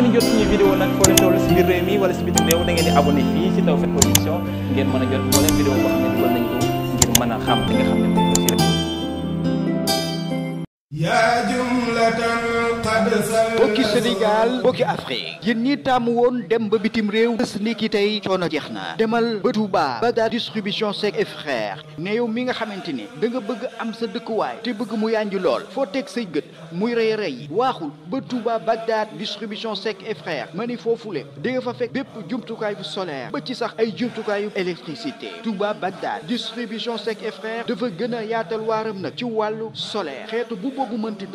ngeen jot suñu vidéo nag foo leen toll si biir mi wala si biir réew da ngeen di abonné fii si Tawfekh Production a xam ne yaa jumlatan qad sal bokki ñi tàmm woon dem ba bitim réew bés ni ki tey coono jeex na demal ba Touba Bagdad distribution Seck et frère ne yow mi nga xamante ni da nga bëgg am sa dëkkuwaay te bëgg mu yànji lool foo teg say gët muy rey rey yi waaxul ba Touba Bagdad distribution Seck et ma ni foofule di nga fa fekk bépp jumtukaayu solaire ba ci sax ay jumtukaayu électricité Touba Bagdad distribution Seck et dafa gën a yaatal waaram nag ci wàllu solaire xeetu boobu mënti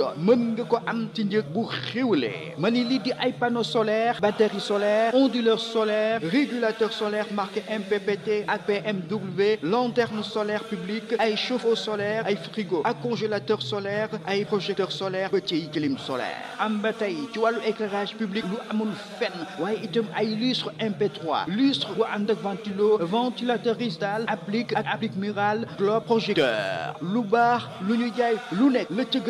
ko am ci njëg bu xiwlee ma ni lii di ay panneau solaire batterie solaire onduleur solaire régulateur solaire marqué MPPT APMW lanterne solaire publique ay chauffe-eau solaire ay frigo ak congélateur solaire ay projecteur solaire petit clim solaire am ba tey ci wàllu éclairage public lu amul fenn waaye itam ay lustre MP3 lustre bu ànd ventilateur ristal applique applique murale globe projecteur lu baax lu ñu jaay lu nekk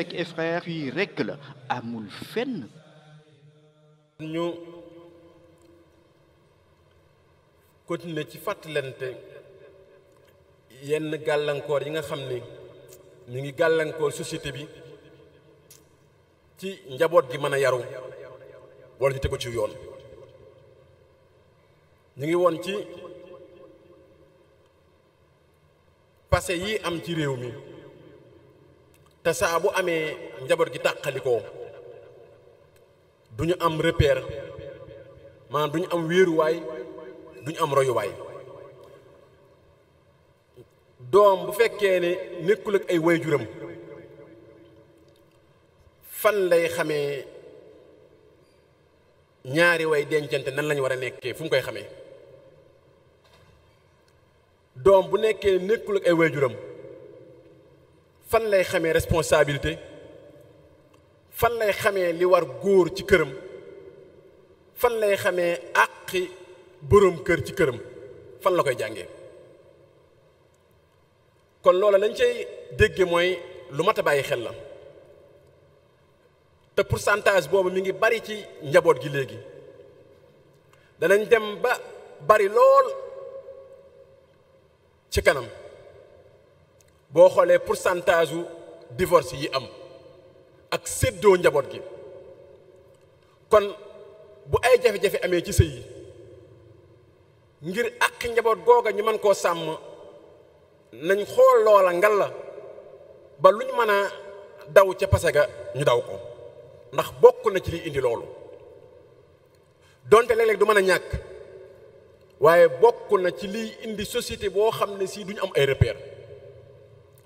fekk et frère yi rekk la amul fenn ci fàttalante yenn gàllankoor yi nga xam ni ñu ngi gàllankoor société bi ci njaboot gi mën a yaru wala ñu teg ko ci yoon ñu ngi woon ci passé yi am ci réew mi te saa bu amee njaboot gi tàqalikoo du ñu am repère maanaam du ñu am wéeruwaay du ñu am royuwaay doom bu fekkee ne nekkul ak ay waajuram fan lay xamee ñaari way dencante nan lañu war a nekkee fu mu koy xame doom bu nekkee nekkul ak ay waajuram fan lay xamee responsabilité fan lay xamee li war góor ci këram fan lay xamee àqi boroom kër ci këram fan la koy jàngee kon loola lañ cay dégge mooy lu mat a bàyyi xel la te pourcentage boobu mi ngi bari ci njaboot gi léegi danañ dem ba bari lool ci kanam boo xoolee pourcentage u divorce yi am ak séddoo njaboot gi kon bu ay jafe-jafe amee ci sëy yi ngir àq njaboot googa ñu mën koo sàmm nañ xool loola ngal la ba lu ñu mën a daw ca pase ga ñu daw ko ndax bokk na ci liy indi loolu donte léeg-léeg du mën a ñàkk waaye bokk na ci liy indi société boo xam ne si duñu am ay repères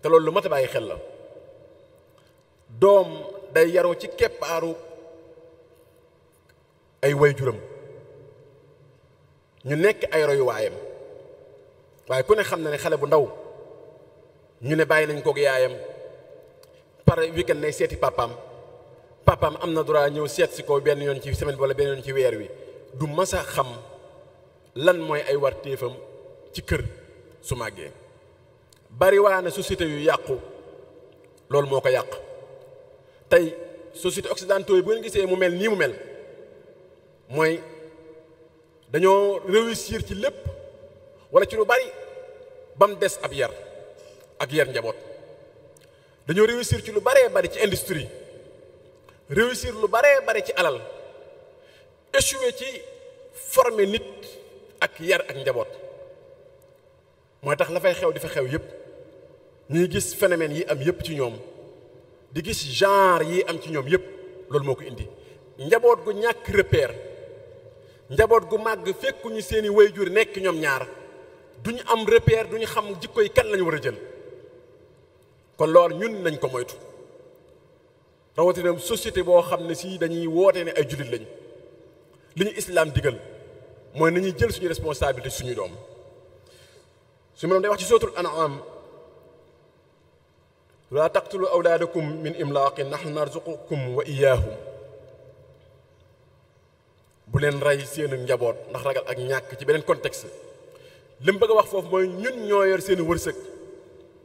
te loolu lu mat bàyyi xel la doom day yaroo ci keppaaru ay waajuram ñu nekk ay royuwaayam waaye ku ne xam na ne xale bu ndaw ñu ne bàyyi nañ koog yaayam par weekend nay seeti papaam papaam am na droit ñëw seet si ko benn yoon ci semaine bi wala benn yoon ci weer wi du mës a xam lan mooy ay wartéefam ci kër su màggee bari bariwaane société yu yàqu loolu moo ko yàq tey société occidentaux yi bu ngeen gisee mu mel nii mu mel mooy dañoo réussir ci lépp walla ci lu bari ba mu des ab yar ak yar njaboot dañoo réussir ci lu baree bari ci industrie réussir lu baree bari ci alal échoué ci forme nit ak yar ak njaboot mooy tax la fay xew di fa xew yépp ñuy gis phénomène yi am yëpp ci ñoom di gis genre yi am ci ñoom yëpp loolu moo ko indi njaboot gu ñàkk repère njaboot gu màgg fekkuñu seeni waajur nekk ñoom ñaar du ñu am repère duñu xam jikko yi kan lañu war a jël kon loolu ñun nañ ko moytu rawatina société boo xam ne sii dañuy woote ne ay jullit lañ li ñu islaam digal mooy nañuy jël suñu responsabilité suñu doom su ma day wax ci sootul anam laa taqtulu awlaadakum min imlaaqin nahnu narzuqukum wa iyyaahum bu leen rey seen njaboot ndax ragal ak ñàkk ci beneen contexte li mu bëgg a wax foofu mooy ñun ñoo yor seeni wërsëg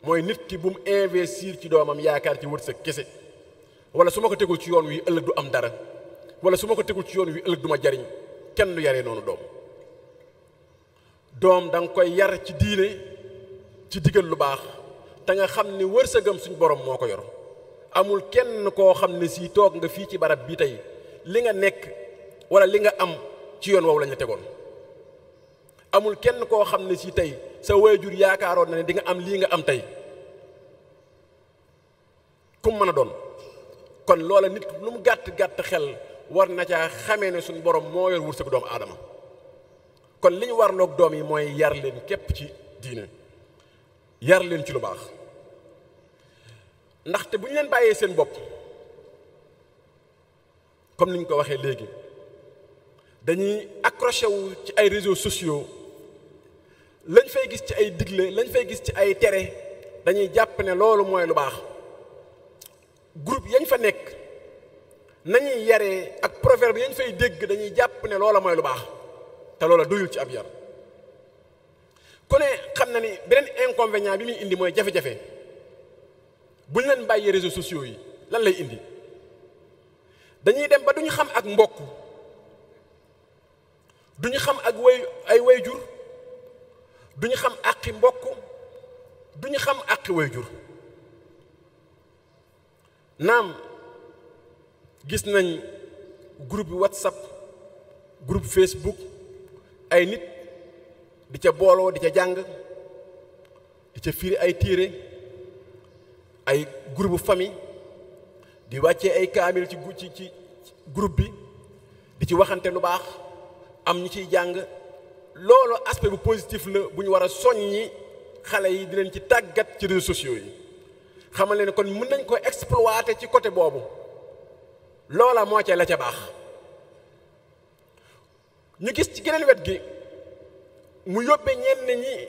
mooy nit ki bu mu investir ci doomam yaakaar ci wërsëg kese wala su ma ko tegul ci yoon wi ëllëg du am dara wala su ma ko tegul ci yoon wi ëllëg duma jariñ kenn lu yaree noonu doom doom danga koy yar ci diine ci digal lu baax danga nga xam ni wërsëgam suñ borom moo ko yor amul kenn koo xam ne sii toog nga fii ci barab bi tey li nga nekk wala li nga am ci yoon woowu lañ tegoon amul kenn koo xam ne si tey sa waajur yaakaaroon na ne di nga am lii nga am tey kum mën a doon kon loola nit lu mu gàtt gàtt xel war na caa xamee ne suñ borom moo yor wërsëgu doomu aadama kon li ñu warloog doom yi mooy yar leen képp ci diine yar leen ci lu baax ndaxte bu ñu leen bàyyee seen bopp comme ni ñu ko waxee léegi dañuy accroché wu ci ay réseaux sociaux lañ fay gis ci ay digle lañ fay gis ci ay tere dañuy jàpp ne loolu mooy lu baax groupe yañ fa nekk nañuy yaree ak proverbe yañ fay dégg dañuy jàpp ne loola mooy lu baax te loola doyul ci ab yar ku ne xam na ni beneen inconvénient bi muy indi mooy jafe-jafe. bu ñu leen bàyyi réseaux sociaux yi lan lay indi dañuy dem ba duñu xam ak mbokk duñu xam ak way ay wayjur duñu xam àqi mbokk ñu xam àqi wayjur naam gis nañ groupe WhatsApp groupe Facebook ay nit di ca booloo di ca jàng di ca fiir ay tiire ay groupe famille di wàccee ay kaamil ci gu ci ci groupe bi di ci waxante lu baax am ñu ciy jàng loolu aspect bu positif la bu ñu war a soññi xale yi di leen ci tàggat ci réseaux sociaux yi xamal ne kon mën nañ ko exploiter ci côté boobu loola moo ca la ca baax ñu gis ci geneen wet gi mu yóbbee ñenn ñi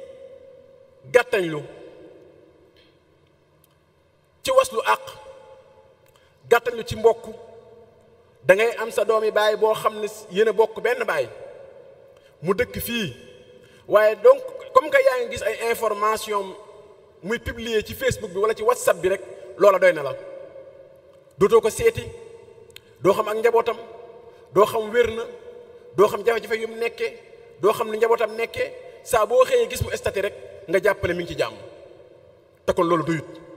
gàttañlu waslu àq gàttañu ci mbokk da ngay am sa doomi baay boo xam ne yéen a bokk benn baay mu dëkk fii waaye donc comme que yaa ngi gis ay information muy publier ci Facebook bi wala ci WhatsApp bi rek loola doy na la dootoo ko seeti doo xam ak njabootam doo xam wér na doo xam jafe-jafe yu mu nekkee doo xam ni njabootam nekkee saa boo xëyee gis mu estati rek nga jàppale mi ngi ci jàmm te kon loolu doyut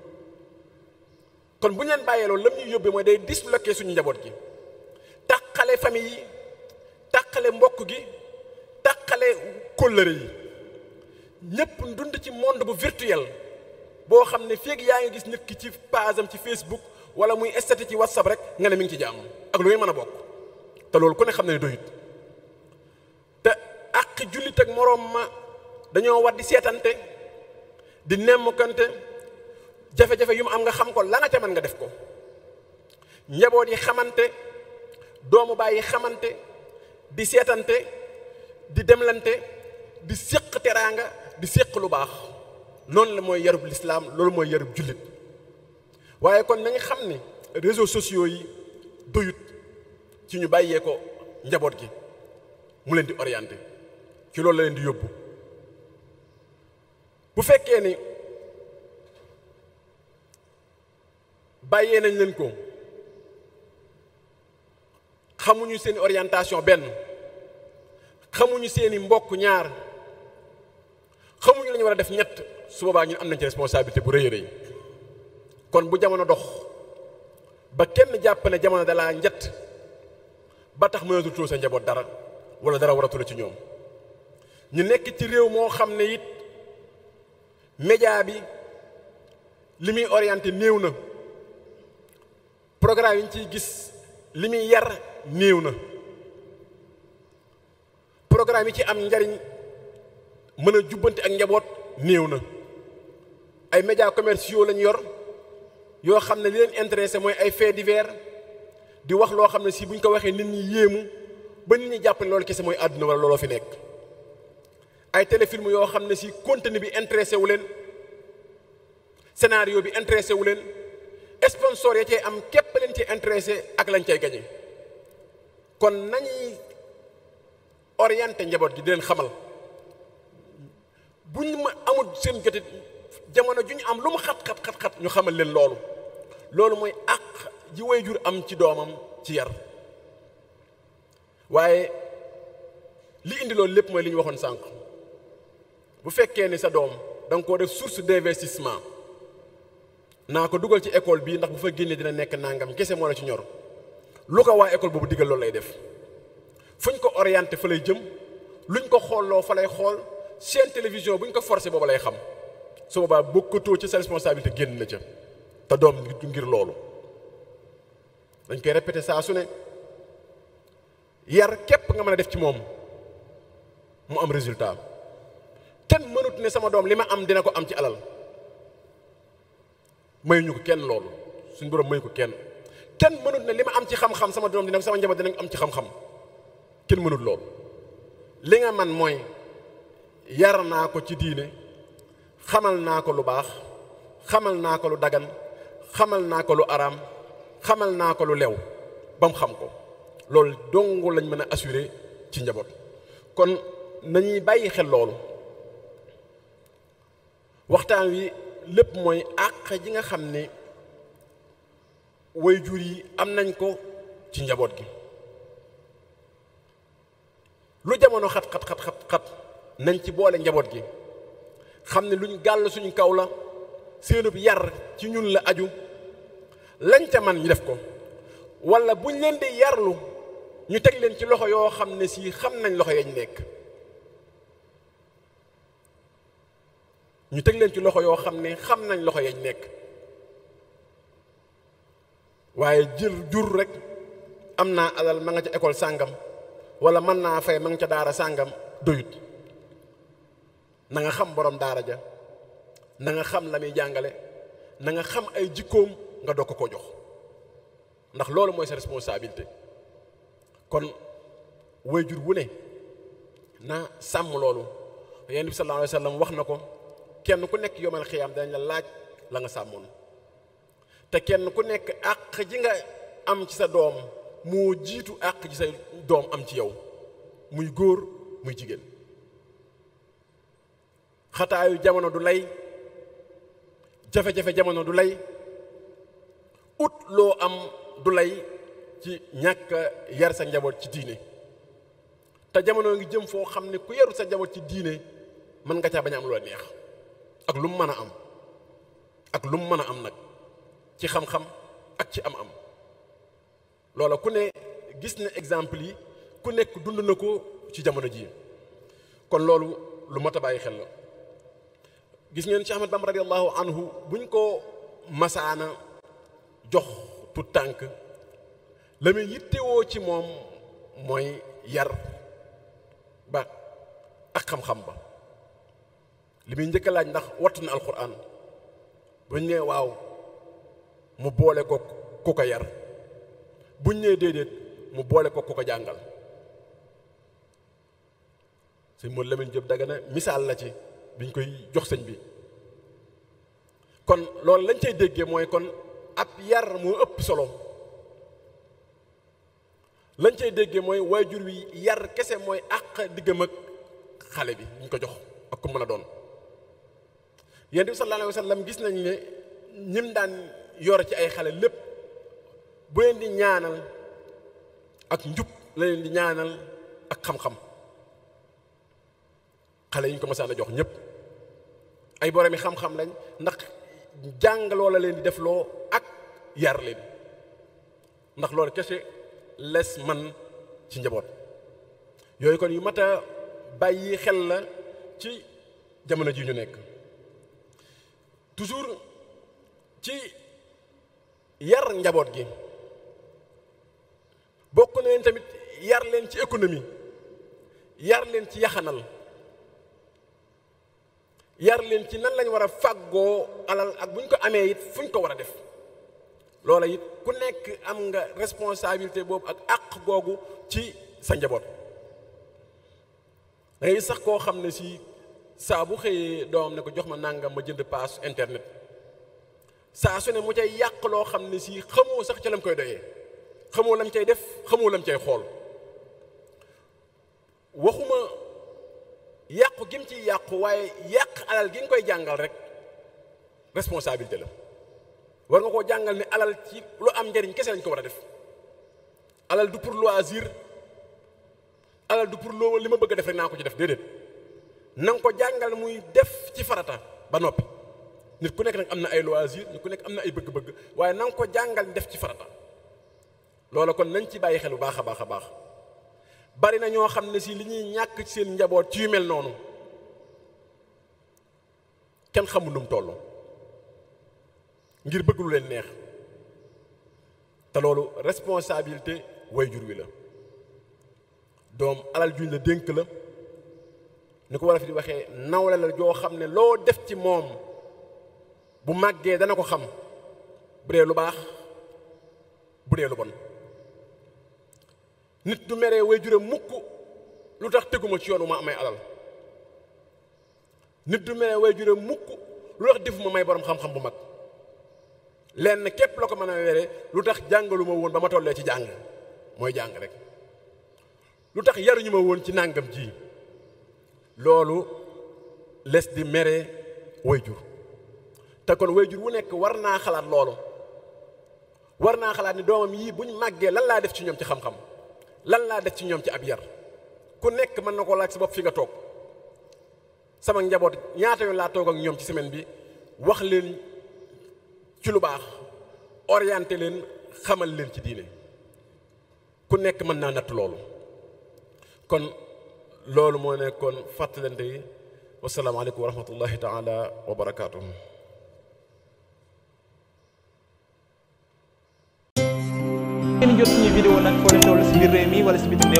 kon bu ñu leen bàyyee loolu lam ñuy yóbbee mooy day disloqué suñu njaboot gi tàqale famille yi tàqale mbokk gi tàqale kóllëre yi ñëpp dund ci monde bu virtuel boo xam ne feeg yaa ngi gis nit ki ci page am ci Facebook wala muy statut ci WhatsApp rek nga ne mi ngi ci jàmm ak lu ngeen mën a bokk te loolu ku ne xam ne doyut te ak jullit ak moroom ma dañoo war di seetante di nemmkante jafe-jafe yu mu am nga xam ko la nga nga def ko njaboot yi xamante doomu baay yi xamante di seetante di demlante di séq teraanga di séq lu baax noonu la mooy yarub lislaam loolu mooy yarub jullit waaye kon na nga xam ni réseau sociaux yi doyut ci ñu bàyyee ko njaboot gi mu leen di orienté ci loolu la leen di yóbbu bu fekkee ni bàyyee nañ leen ko xamuñu seeni orientation benn xamuñu seeni mbokk ñaar xamuñu lañu war a def ñett su boobaa ñun am nañ ci responsabilité bu rëy rëy kon bu jamono dox ba kenn jàpp jamono dalaa njett ba tax mënatul sa njaboot dara wala dara waratula ci ñoom ñu nekk ci réew moo xam ne it média bi li muy orienté néew na programme yi ñu ciy gis li muy yar néew na programme yi ci am njariñ mën a jubbanti ak njaboot néew na ay médias commerciaux lañ yor yoo xam ne li leen intéressé mooy ay faits divers di wax loo xam ne si buñ ko waxee nit ñi yéemu ba nit ñi jàpp loolu kese mooy àdduna wala looloo fi nekk ay téléfilm yoo xam ne si contenu bi intéressé wu leen scénario bi intéressé wu leen sponsor ya cee am képp leen ci intéressé ak lañ cay gañe kon nañuy orienté njaboot gi di leen xamal buñ ma amut seen jotit jamono ju ñu am lu ma xat-xat xat-xat ñu xamal leen loolu loolu mooy àq ji waajur am ci doomam ci yar waaye li indi loolu lépp mooy li ñu waxoon sànq bu fekkee ni sa doom da nga koo def source d'investissement naa ko dugal ci école bii ndax bu fa génnee dina nekk nangam kese moo la ci ñor lu ko waa école boobu digal loolu lay def fuñ ko orienté fa lay jëm luñ ko xoolloo fa lay xool seen télévision buñ ko forcé boobu lay xam su boobaa bokkatoo ci sa responsabilité génn na ca te doom ngir loolu dañ koy répété saa su ne yar képp nga mën a def ci moom mu am résultat kenn mënut ne sama doom li ma am dina ko am ci alal mayuñu ko kenn loolu suñ borom mayu ko kenn kenn mënut ne li ma am ci xam-xam sama doom dina sama njaboot dinañ am ci xam-xam kenn mënut loolu li nga man mooy yar naa ko ci diine xamal naa ko lu baax xamal naa ko lu dagan xamal naa ko lu araam xamal naa ko lu lew ba mu xam ko loolu dong lañ mën a assurer ci njaboot kon nañuy bàyyi xel loolu waxtaan wi lépp mooy àq ji nga xam ni way jur yi am nañ ko ci njaboot gi lu jamono xat xat xat xat nañ ci boole njaboot gi xam ne luñ gàll suñu kaw la seenub yar ci ñun la aju lañ ca man ñu def ko wala buñ leen di yarlu ñu teg leen ci loxo yoo xam ne sii xam nañ loxo yañ nekk ñu teg leen ci loxo yoo xam ne xam nañ loxo yañ nekk waaye jël jur rek am naa alal ma nga ca école sàngam wala mën naa fay ma nga ca daara sàngam doyut na nga xam borom daara ja na nga xam la muy jàngale na nga xam ay jikkoom nga doog ko jox ndax loolu mooy sa responsabilité kon wayjur wu ne na sàmm loolu yonent bi sallallahu alayhi wax na ko kenn ku nekk yomal xiyaam dañ la laaj la nga sàmmoon te kenn ku nekk àq ji nga am ci sa doom moo jiitu àq ji sa doom am ci yow muy góor muy jigéen xataayu jamono du lay jafe-jafe jamono du lay ut loo am du lay ci ñàkk yar sa njaboot ci diine te jamono ngi jëm foo xam ne ku yarul sa njaboot ci diine mën nga caa bañ a am lu neex ak lu mu mën a am ak lu mu mën a am nag ci xam-xam ak ci am-am loola ku ne gis ne exemple yi ku nekk dund na ko ci jamono ji kon loolu lu mat a bàyyi xel la gis ngeen Cheikh Ahmad Bamba radiyallahu anhu buñ ko masaana jox tu tànk la muy yittewoo ci moom mooy yar ba ak xam-xam ba li muy njëkk laaj ndax wattu na alxuraan buñ nee waaw mu boole ko ku ko yar buñ nee déedéet mu boole ko ku ko jàngal sëñ Modou Lamine Diop Dagana misaal la ci biñ koy jox sëñ bi kon loolu lañ cay déggee mooy kon ab yar moo ëpp solo lañ cay déggee mooy waajur wi yar kese mooy àq diggam ak xale bi ñu ko jox ak ku mën a doon yonent bi sallallahu alayhi wa gis nañ ne ñim daan yor ci ay xale lépp bu leen di ñaanal ak njub la leen di ñaanal ak xam-xam xale yi ñu ko mësaan a jox ñépp ay boromi xam-xam lañ ndax jàng la leen di def loo ak yar leen ndax loolu kese les man ci njaboot yooyu kon yu mat bàyyi xel la ci jamono ji ñu nekk toujours ci yar njaboot gi bokk na leen tamit yar leen ci économie yar leen ci yaxanal yar leen ci nan lañ war a fàggoo alal ak bu ñu ko amee it fu ñu ko war a def loolu it ku nekk am nga responsabilité boobu ak àq googu ci sa njaboot da sax koo xam ne si saa bu xëyee doomam ne ko jox ma nangam ma jënd paas internet saa su ne mu cay yàq loo xam ne si xamoo sax ca lam koy doyee xamoo lam cay def xamoo lam cay xool waxuma yàq gi mu ci yàq waaye yàq alal gi nga koy jàngal rek responsabilité la war nga koo jàngal ne alal ci lu am njariñ kese lañ ko war a def alal du pour loisir alal du pour loo li ma bëgg a def rek naa ko ci def déedéet nanga ko jàngal muy def ci farata ba nopp nit ku nekk nag am na ay loisir nit ku nekk am na ay bëgg-bëgg waaye nanga nga ko jàngal def ci farata loola kon nañ ci bàyyi xel bu baax a baax a baax bari na ñoo xam ne si li ñuy ñàkk ci seen njaboot ci yu mel noonu kenn xamul nu toll ngir bëgg lu leen neex te loolu responsabilité wayjur wi la doom alal juñ la dénk la. ni ko wolof di waxee nawle joo xam ne loo def ci moom bu màggee dana ko xam bu lu baax bu dee nit du meree way jure mukk lu tax teguma ci yoon ma amee alal nit du meree way jure mukk lu tax defuma may borom xam-xam bu mag lenn képp la ko mën a wéree lu tax jàngalu ma woon ba ma tollee ci jàng mooy jàng rek lu tax yaruñu ma woon ci nàngam ji loolu les di mere wayjur te kon wayjur wu nekk war naa xalaat loolu war naa xalaat ni doomam yii buñ màggee lan laa def ci ñoom ci xam-xam lan laa def ci ñoom ci ab yar ku nekk mën na koo laaj sa bopp fi nga toog sama njaboot ñaata yoon laa toog ak ñoom ci semaine bi wax leen ci lu baax orienté leen xamal leen ci diine ku nekk mën naa natt loolu kon loolu moo nekkoon fàttalante yi wasalaamaaleykum wa rahmatullahi taala wa barakaatuhu ngeen jot suñu vidéo nag foo leen toll si biir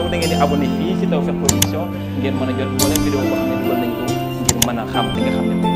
ngeen di abonné fii si Tawfekh Production ngeen mën a jot moo xam ne dugal xam li nga xam ne